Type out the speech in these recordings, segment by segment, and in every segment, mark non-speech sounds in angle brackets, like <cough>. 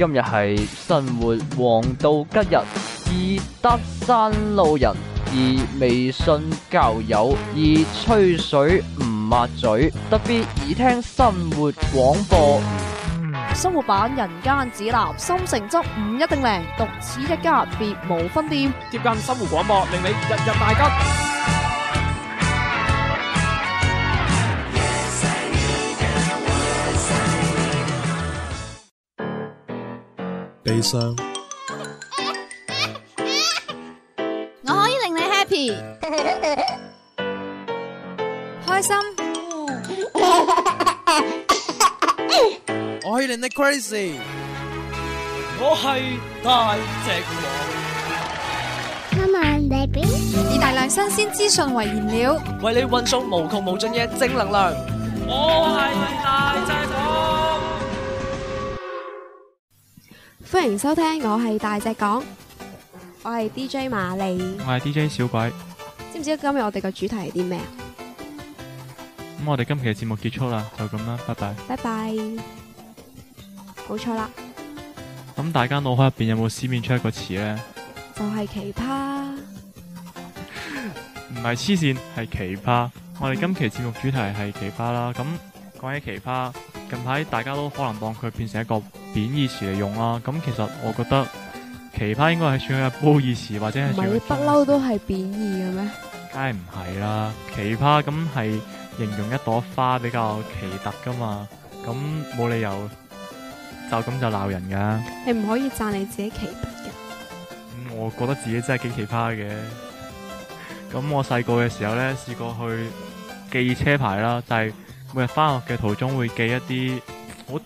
今日係生活黃道吉日，易得山路人，易微信交友，易吹水唔抹嘴，特別易聽生活廣播。生活版人間指南，心誠則唔一定靈，獨此一家，別無分店。貼近生活廣播，令你日日大吉。悲傷，我可以令你 happy，開心，我可以令你 crazy，我係大隻講，以大量新鮮資訊為燃料，為你運送無窮無盡嘅正能量，我係大隻。歡迎收聽，我係大隻講，我係 DJ Marie，我係 DJ 小鬼。知唔知今日我哋個主題係啲咩啊？咁、嗯、我哋今期嘅節目結束啦，就咁啦，拜拜。拜拜，冇錯 <noise> 啦。咁、嗯、大家腦海入邊有冇思面出一個詞咧？就係奇葩。唔係黐線，係奇葩。嗯、我哋今期節目主題係奇葩啦。咁講起奇葩。近排大家都可能當佢變成一個貶義詞嚟用啦，啊，咁、嗯、其實我覺得奇葩應該係算係褒義詞或者係算。唔係，不嬲都係貶義嘅咩？梗係唔係啦，奇葩咁係形容一朵花比較奇特噶嘛，咁、嗯、冇理由就咁就鬧人噶。你唔可以讚你自己奇特嘅，嗯？我覺得自己真係幾奇葩嘅。咁、 <laughs> 嗯、我細個嘅時候咧，試過去記車牌啦，但係。每日翻學嘅途中會記一啲，我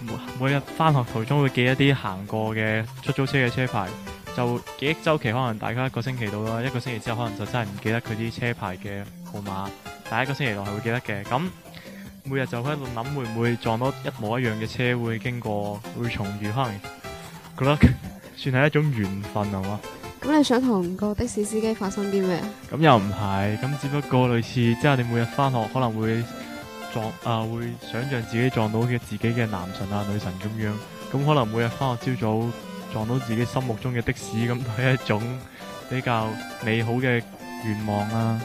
每，每日翻學途中會記一啲行過嘅出租車嘅車牌，就記憶週期可能大概一個星期到啦。一個星期之後可能就真係唔記得佢啲車牌嘅號碼，但係一個星期內係會記得嘅。咁每日就喺度諗會唔會，會撞到一模一樣嘅車會經過，會重遇，可能覺得 <laughs> 算係一種緣分，係嘛。咁你想同個的士司機發生啲咩啊？咁又唔係，咁只不過類似，即係你每日翻學可能會撞啊，會想象自己撞到嘅自己嘅男神啊女神咁樣。咁可能每日翻學朝早撞到自己心目中嘅的、的士，咁係一種比較美好嘅願望啦、啊。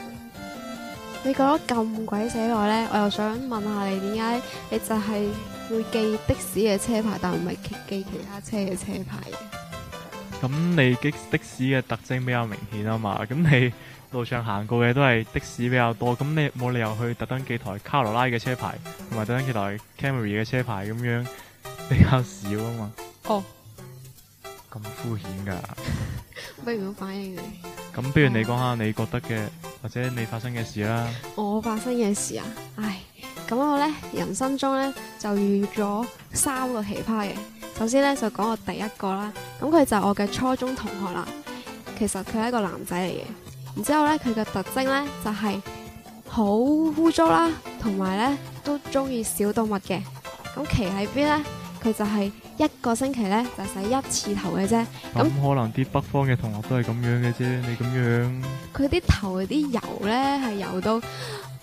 你覺得咁鬼死耐咧，我又想問下你，點解你就係會記的士嘅車牌，但唔係記、記其他車嘅車牌嘅？咁你嘅的士嘅特徵比較明顯啊嘛，咁你路上行過嘅都係的士比較多，咁你冇理由去特登記台卡羅拉嘅車牌，同埋特登記台 Camry 嘅車牌咁樣比較少啊嘛。哦、oh，咁敷衍噶，不如我反應你。咁不如你講下你覺得嘅， <laughs> 或者你發生嘅事啦。我發生嘅事啊，唉。咁我咧人生中咧就遇咗三個奇葩嘅，首先咧就講我第一個啦，咁佢就係我嘅初中同學啦，其實佢係一個男仔嚟嘅，然之後咧佢嘅特徵咧就係好污糟啦，同埋咧都中意小動物嘅，咁奇喺邊咧？佢就係一個星期咧就是、洗一次頭嘅啫，咁、嗯、那可能啲北方嘅同學都係咁樣嘅啫，你咁樣，佢啲頭啲油咧係油到。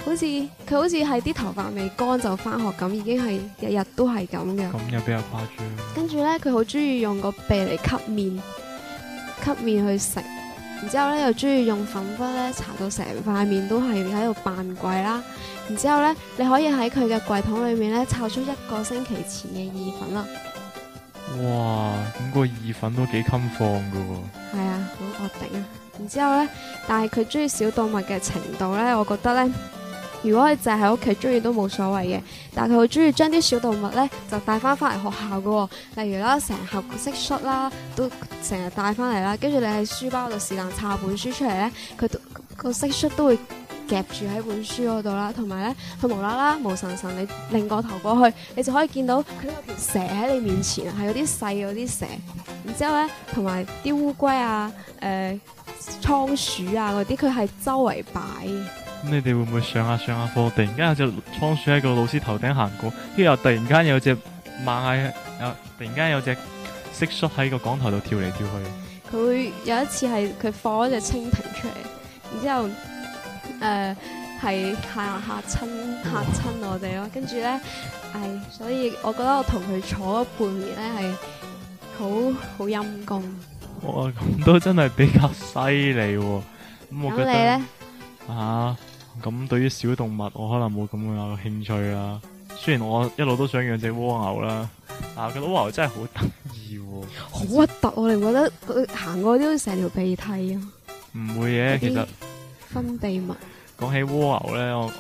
好似佢好似係啲頭髮未乾就翻學咁，已經係日日都係咁嘅。咁又比較誇張。跟住咧，佢好中意用個鼻嚟吸麵，吸麵去食。然之後咧，又中意用粉筆咧搽到成塊面都係喺度扮鬼啦。然之後咧，你可以喺佢嘅櫃桶裏面咧，抄出一個星期前嘅意粉啦。哇！咁個意粉都幾襟放噶喎。係啊，好惡頂啊！然之後咧，但係佢中意小動物嘅程度咧，我覺得咧。如果佢淨係喺屋企中意都冇所謂嘅，但係佢好中意將啲小動物咧就帶翻翻嚟學校嘅、哦，例如啦，成盒蟋蟀啦，都成日帶翻嚟啦，跟住你喺書包度是但插本書出嚟咧，佢個蟋蟀都會夾住喺本書嗰度啦，同埋咧佢無啦啦無神神你擰個頭過去，你就可以見到佢有條蛇喺你面前，係嗰啲細嗰啲蛇。然之後咧，同埋啲烏龜啊、誒、呃、倉鼠啊嗰啲，佢係周圍擺。咁你哋會唔會上下、啊、上下、啊、課？突然間有隻倉鼠喺個老師頭頂行過，跟住又突然間有隻螞蟻，突然間有隻蟋蟀喺個講台度跳嚟跳去。佢有一次係佢放咗隻蜻蜓出嚟，然之後誒係下嚇親嚇親我哋咯。跟住咧係，所以我覺得我同佢坐咗半年咧係好好陰功。哇，咁、啊、都真係比較犀利喎！咁、啊、你咧、啊咁對於小動物，我可能冇咁有興趣啦。雖然我一路都想養隻蝸牛啦，但係個蝸牛真係、欸、好得意，好核突。我哋覺得佢行過啲會成條鼻涕啊。唔會嘅、欸，其實分泌物。講起蝸牛咧，我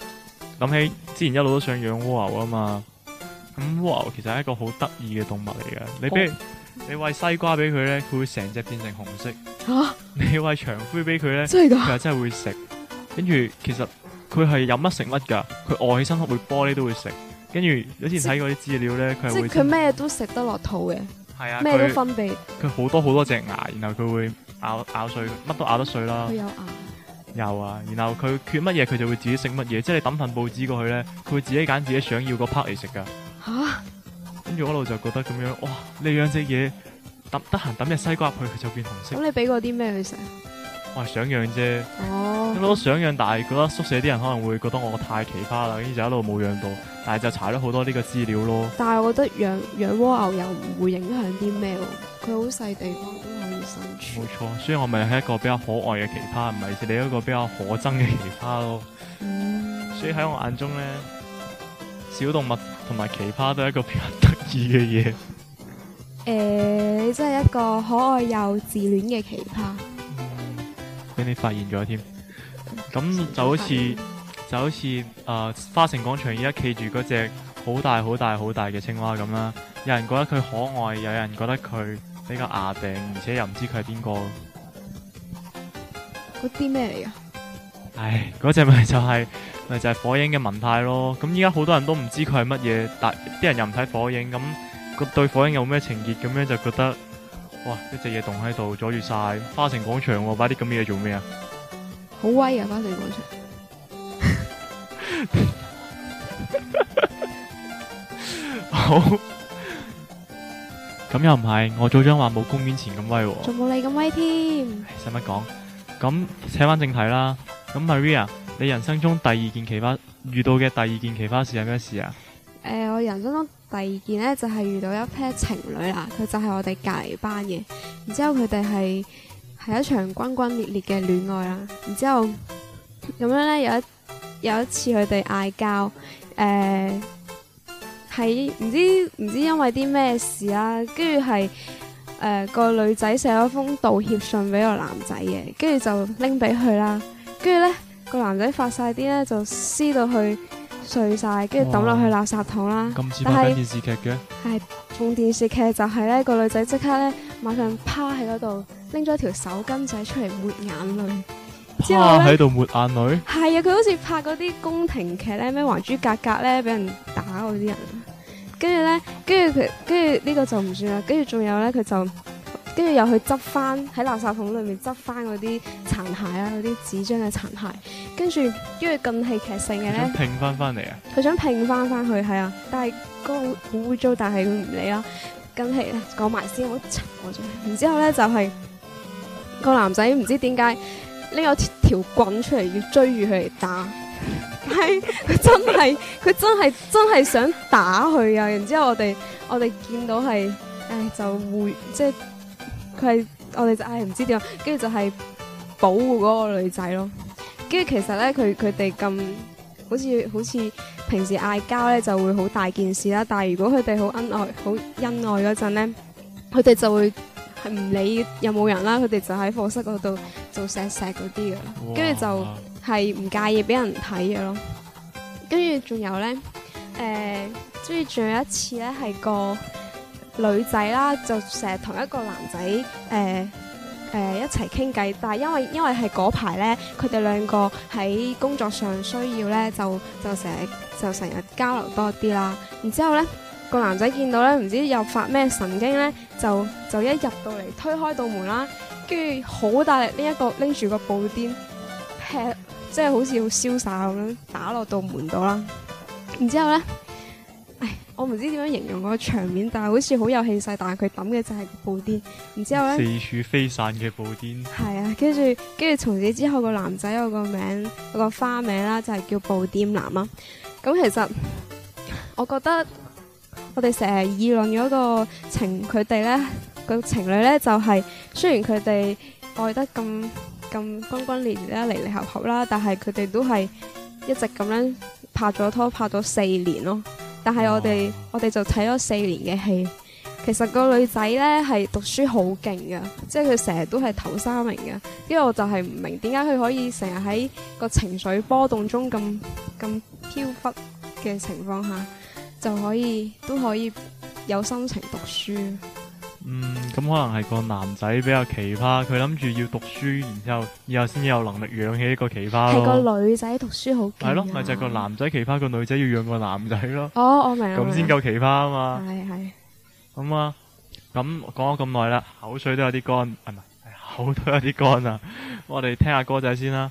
諗起之前一路都想養蝸牛啊嘛。咁、嗯、蝸牛其實係一個好得意嘅動物嚟嘅。你俾你餵好西瓜俾佢咧，佢會成隻變成紅色。吓、啊！你餵牆灰俾佢咧，真係佢又真係會食。跟住、啊、其實。佢係有乜食乜噶，佢餓起身，佢會玻璃都會食，跟住以前睇嗰啲資料咧，佢係即係佢咩都食得落肚嘅。係啊，咩都分泌。佢好多好多隻牙，然後佢會咬咬碎，乜都咬得碎啦。佢有牙。有啊，然後佢缺乜嘢，佢就會自己食乜嘢。即係你抌份報紙過去咧，佢會自己揀自己想要個 part 嚟食噶。嚇、啊！跟住我老豆就覺得咁樣，哇！你兩隻嘢抌得閒抌隻西瓜入去，佢就變紅色。咁你俾過啲咩佢食？我係想養啫，我、oh. 想養，但係覺得宿舍啲人可能會覺得我太奇葩啦，跟住就一路冇養到。但係就查咗好多呢個資料咯。但係我覺得養養蝸牛又唔會影響啲咩？佢好細地方都可以生存。冇錯，所以我咪係一個比較可愛嘅奇葩，唔係先你一個比較可憎嘅奇葩咯。Mm. 所以喺我眼中咧，小動物同埋奇葩都係一個比較得意嘅嘢。誒，你真係一個可愛又自戀嘅奇葩。俾你發現咗添，咁、嗯、就好似、嗯、就好似誒、嗯呃、花城廣場而家企住嗰隻好大好大好大嘅青蛙咁啦，有人覺得佢可愛，有人覺得佢比較牙病，而且又唔知佢係邊個。嗰啲咩嚟噶？唉，嗰隻咪就係、是、咪就係、是、火影嘅文太咯。咁依家好多人都唔知佢係乜嘢，但啲人又唔睇火影，咁個對火影有咩情結，咁樣就覺得。哇！一隻嘢,凍喺度，阻住晒花城廣場喎，擺啲咁嘅嘢做咩啊？好威啊，花城廣場！ <laughs> <laughs> 好，咁 <laughs> <laughs> <laughs> <laughs> <laughs> <laughs> <laughs> 又唔係，我早張話冇公園前咁威，啊，仲冇你咁威添，啊。使乜講？咁扯翻正題啦。咁 Marie，你人生中第二件奇葩遇到嘅第二件奇葩事係咩事啊？誒、呃，我人生中。第二件呢，就係、是、遇到一 pair 情侶啦，佢就係我哋隔籬班嘅，然之後佢哋係係一場轟轟烈烈嘅戀愛啦，然之後咁樣呢，有一有一次佢哋嗌交，誒喺唔知唔知因為啲咩事啦，跟住係誒個女仔寫咗封道歉信俾個男仔嘅，跟住就拎俾佢啦，跟住呢，個男仔發晒啲呢，就撕到去。碎晒，跟住抌落去垃圾桶啦。但係，哦，係拍電視劇嘅？係，仲電視劇就係咧，個女仔即刻咧，馬上趴喺嗰度，拎咗條手巾仔出嚟抹眼淚。之後趴喺度抹眼淚。係啊，佢好似拍嗰啲宮廷劇咧，咩《還珠格格》咧，俾人打嗰啲人。跟住咧，跟住佢，跟住呢個就唔算啦。跟住仲有咧，佢就，跟住又去執翻喺垃圾桶裏面執翻嗰啲殘骸啊，嗰啲紙張嘅殘骸。跟住，跟住咁戲劇性嘅咧，佢想拼翻翻嚟啊！佢想拼翻翻去，係啊！但係個好污糟，但係佢唔理啦。咁戲講埋先，我擦我嘴。然之後咧就係個男仔唔知點解拎咗條棍出嚟要追住佢嚟打，係佢 <laughs> <laughs> 真係佢真係真係想打佢啊！然之後我哋我哋見到係唉就會即係佢係我哋就唉唔知點，跟住就係保護嗰個女仔咯。跟住其實咧，佢佢哋咁好似好似平時嗌交咧，就會好大件事啦。但係如果佢哋好恩愛，好恩愛嗰陣咧，佢哋就會係唔理有冇人啦，佢哋就喺課室嗰度做錫錫嗰啲嘅，跟住哇 就係唔哇 介意俾人睇嘅咯。跟住仲有咧，誒、呃，跟住仲有一次咧，係個女仔啦，就成日同一個男仔誒。呃誒、呃、一齊傾偈，但係因為因為係嗰排咧，佢哋兩個喺工作上需要咧，就就成日就成日交流多啲啦。然之後咧，個男仔見到咧，唔知又發咩神經咧，就就一入到嚟推開道門啦，跟住好大力呢一個拎住個布甸，劈即係好似好瀟灑咁樣打落道門度啦。然之後咧。我唔知點樣形容個場面，但係好似好有氣勢，但係佢抌嘅就係布甸，然之後咧，四處飛散嘅布甸。係啊，跟住跟住，從此之後個男仔有個名，有個花名啦，就係、是、叫布甸男啦、啊。咁、嗯、其實我覺得我哋成日議論嗰個情，佢哋咧個情侶咧就係、是、雖然佢哋愛得咁咁轟轟烈烈啦，離離合合啦，但係佢哋都係一直咁樣拍咗拖，拍咗四年咯。但係我哋我哋就睇咗四年嘅戲，其實個女仔呢係讀書好勁噶，即係佢成日都係頭三名噶，因為我就係唔明點解佢可以成日喺個情緒波動中咁咁飄忽嘅情況下，就可以都可以有心情讀書。嗯，咁可能係個男仔比較奇葩，佢諗住要讀書，然之後以後先有能力養起一個奇葩咯。係個女仔讀書好勁啊。係咯，咪就係、是、個男仔奇葩，個女仔要養個男仔咯。哦，我明。咁先夠奇葩啊嘛。係係是。咁、嗯、啊，咁講咗咁耐啦，口水都有啲乾，唔係？口水有啲乾啊！ <laughs> 我哋聽下歌仔先啦。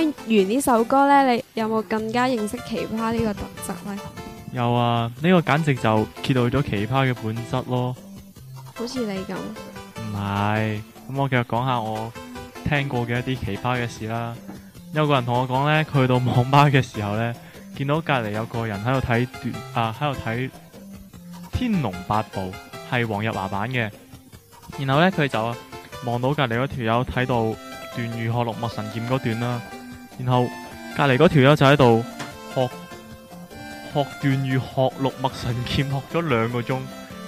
聽完呢首歌呢，你有冇更加認識奇葩呢個特質呢？有啊，呢個簡直就揭露咗奇葩嘅本質咯。好似你咁？唔係，咁我繼續講下我聽過嘅一啲奇葩嘅事啦。有個人同我講呢，佢去到網吧嘅時候呢，見到隔籬有個人喺度睇啊，喺度睇《天龍八部》，係黃日華版嘅。然後呢，佢就望到隔籬嗰條友睇到段譽學六脈神劍嗰段啦。然後隔籬嗰條友就喺度學學段譽學六脈神劍學咗兩個鐘，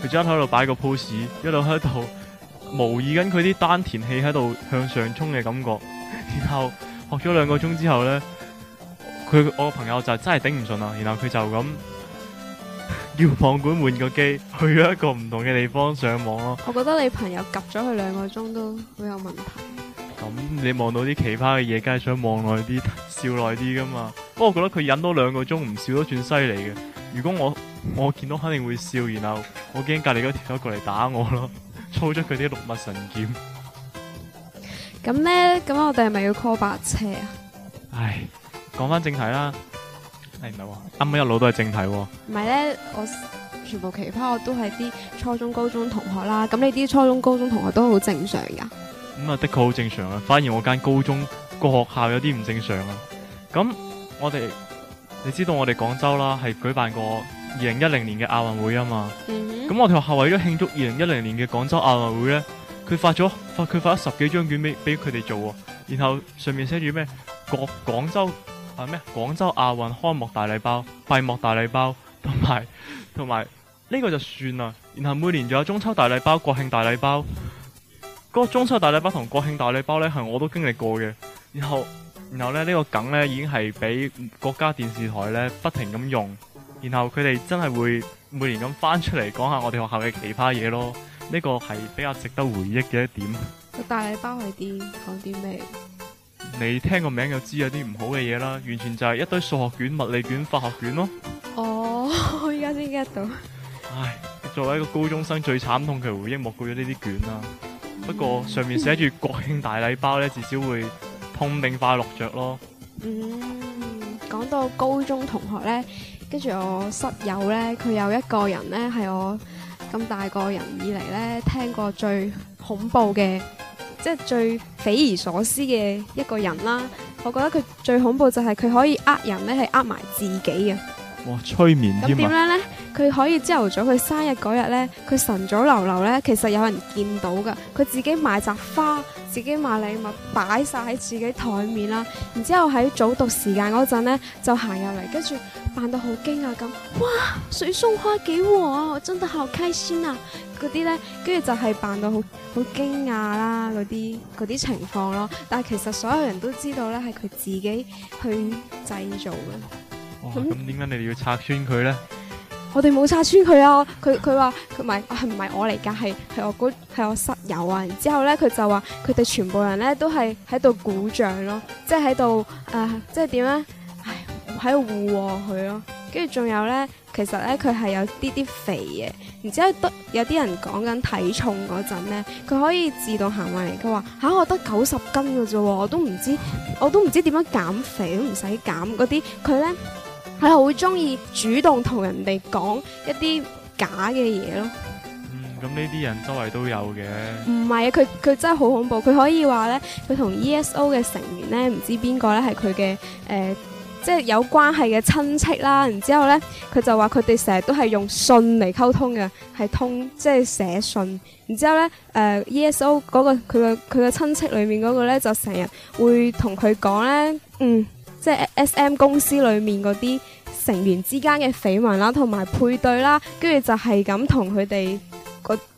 佢而家喺度擺個 pose，一路喺度模擬緊佢啲丹田氣喺度向上衝嘅感覺。然後學咗兩個鐘之後呢，佢我朋友就真係頂唔順啦。然後佢就咁 <laughs> 叫網管換個機，去咗一個唔同嘅地方上網咯，啊。我覺得你朋友及咗佢兩個鐘都好有問題。你望到啲奇葩嘅嘢，梗係想望耐啲，笑耐啲噶嘛？不過我覺得佢忍多兩個鐘唔笑都算犀利嘅。如果我我見到肯定會笑，然後我驚隔籬嗰條友過嚟打我咯，操咗佢啲六脈神劍。咁咧，咁我哋係咪要 call 白車啊？唉，講翻正題啦，係唔係啊？啱啱一路都係正題喎。唔係咧，我全部奇葩我都係啲初中、高中同學啦。咁你啲初中、高中同學都好正常噶。咁啊、嗯，的確好正常啊。反而我間高中個學校有啲唔正常啊。咁、嗯、我哋，你知道我哋廣州啦，係舉辦過二零一零年嘅亞運會啊嘛。咁、嗯哼嗯、我哋學校為咗慶祝二零一零年嘅廣州亞運會呢，佢發咗發佢發咗十幾張卷，俾俾佢哋做啊。然後上面寫住咩？國廣州啊咩？廣州亞運開幕大禮包、閉幕大禮包，同埋同埋呢個就算啦。然後每年仲有中秋大禮包、國慶大禮包。嗰個中秋大禮包同國慶大禮包呢，係我都經歷過嘅。然後，然後咧呢、呢個梗呢，已經係俾國家電視台呢不停咁用。然後佢哋真係會每年咁翻出嚟講下我哋學校嘅奇葩嘢咯。呢、呢個係比較值得回憶嘅一點。個大禮包係啲講啲咩？你聽個名就知有啲唔好嘅嘢啦。完全就係一堆數學卷、物理卷、化學卷咯。哦，oh, <laughs> 我而家先 get 到。唉，作為一個高中生，最慘痛嘅回憶莫過於呢啲卷啦。不過上面寫住國慶大禮包呢，至少會痛並快樂着咯。嗯，講到高中同學呢，跟住我室友呢，佢有一個人呢，係我咁大個人以嚟呢聽過最恐怖嘅，即係最匪夷所思嘅一個人啦。我覺得佢最恐怖就係佢可以呃人呢，係呃埋自己嘅。哇！催眠添啊！點樣咧？佢可以朝頭早佢生日嗰日咧，佢晨早流流咧，其實有人見到噶。佢自己買雜花，自己買禮物擺晒喺自己台面啦。然之後喺早讀時間嗰陣咧，就行入嚟，跟住扮到好驚訝咁。哇！水松花幾旺啊！我真得好開心啊！嗰啲咧，跟住就係扮到好好驚訝啦嗰啲啲情況咯。但係其實所有人都知道咧，係佢自己去製造嘅。咁點解你哋要拆穿佢咧？我哋冇拆穿佢啊！佢佢話佢唔係，係唔係我嚟噶？係，係我係我室友啊！然之後咧，佢就話佢哋全部人咧都係喺度鼓掌咯，即係喺度誒，即係點樣？唉喺度護佢咯，跟住仲有咧，其實咧佢係有啲啲肥嘅，然之後都有啲人講緊體重嗰陣咧，佢可以自動行埋嚟。佢話吓我得九十斤㗎啫，我都唔知，我都唔知點樣減肥都唔使減嗰啲，佢咧。佢好中意主動同人哋講一啲假嘅嘢咯。嗯，咁呢啲人周圍都有嘅。唔係啊，佢佢真係好恐怖。佢可以話咧，佢同 E S O 嘅成員咧，唔知邊個咧係佢嘅誒，即係有關係嘅親戚啦。然之後咧，佢就話佢哋成日都係用信嚟溝通嘅，係通即係寫信。然之後咧，誒 E S O 嗰個佢嘅佢嘅親戚裏面嗰個咧，就成日會同佢講咧，嗯。即係 SM 公司裏面嗰啲成員之間嘅緋聞啦，同埋配對啦，跟住就係咁同佢哋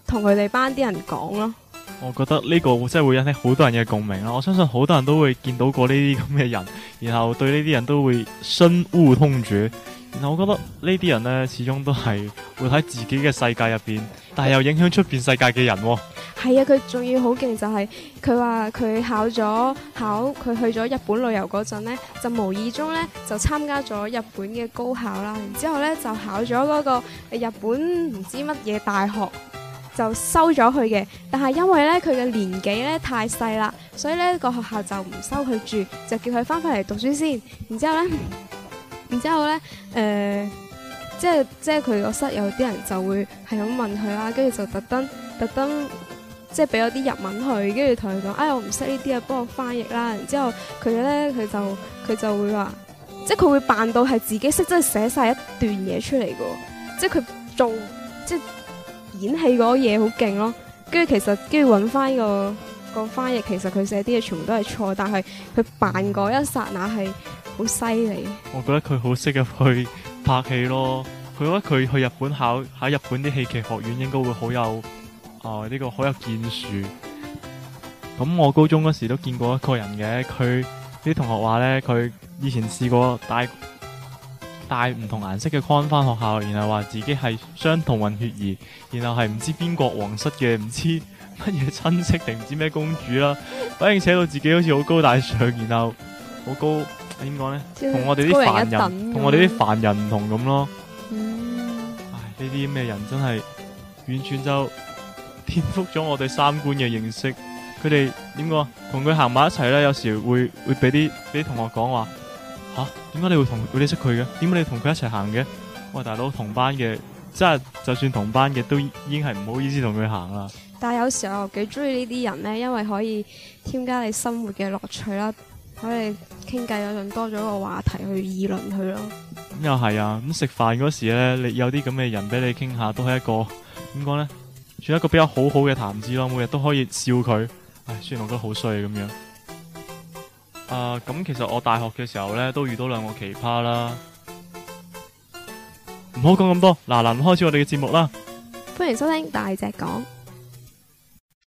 同佢哋班啲人講咯。我覺得呢個真係會引起好多人嘅共鳴啦！我相信好多人都會見到過呢啲咁嘅人，然後對呢啲人都會深惡痛絕。然後，我覺得呢啲人呢，始終都係會喺自己嘅世界入邊，但係又影響出邊世界嘅人、哦。係啊，佢仲要好勁就係、是，佢話佢考咗考，佢去咗日本旅遊嗰陣呢，就無意中呢，就參加咗日本嘅高考啦。然之後咧就考咗嗰個日本唔知乜嘢大學，就收咗佢嘅。但係因為呢，佢嘅年紀呢太細啦，所以呢個學校就唔收佢住，就叫佢翻返嚟讀書先。然之後咧。 <laughs> 然之後咧，誒、呃，即係即係佢個室友啲人就會係咁問佢啦，跟住就特登特登，即係俾咗啲日文佢，跟住同佢講，哎，我唔識呢啲啊，幫我翻譯啦。然之後佢咧，佢就佢就會話，即係佢會扮到係自己識，真係寫晒一段嘢出嚟嘅。即係佢做即係演戲嗰個嘢好勁咯。跟住其實跟住揾翻個、呢個翻譯，其實佢寫啲嘢全部都係錯，但係佢扮嗰一剎那係。好犀利！我覺得佢好識入去拍戲咯。我覺得佢去日本考考日本啲戲劇學院應該，應該會好有誒呢個好有建樹。咁我高中嗰時都見過一個人嘅，佢啲同學話呢，佢以前試過戴戴唔同顏色嘅框翻學校，然後話自己係雙瞳混血兒，然後係唔知邊國皇室嘅，唔知乜嘢親戚定唔知咩公主啦，反正寫到自己好似好高大上，然後好高。點講咧？同我哋啲凡人，人我人同我哋啲凡人唔同咁咯。嗯，唉，呢啲咩人真係完全就顛覆咗我哋三觀嘅認識。佢哋點講？同佢行埋一齊咧，有時會會俾啲俾同學講話吓，點、啊、解你會同佢哋識佢嘅？點解你同佢一齊行嘅？我大佬同班嘅，即係就算同班嘅，都已經係唔好意思同佢行啦。但係有時候又幾中意呢啲人咧，因為可以添加你生活嘅樂趣啦。喺度傾偈嗰陣多咗一個話題去議論佢咯，咁又係啊！咁食飯嗰時咧，有你有啲咁嘅人俾你傾下，都係一個點講咧，算一個比較好好嘅談資咯。每日都可以笑佢，唉，雖然我都好衰咁樣。啊，咁其實我大學嘅時候咧，都遇到兩個奇葩啦。唔好講咁多，嗱嗱，開始我哋嘅節目啦！歡迎收聽大隻講。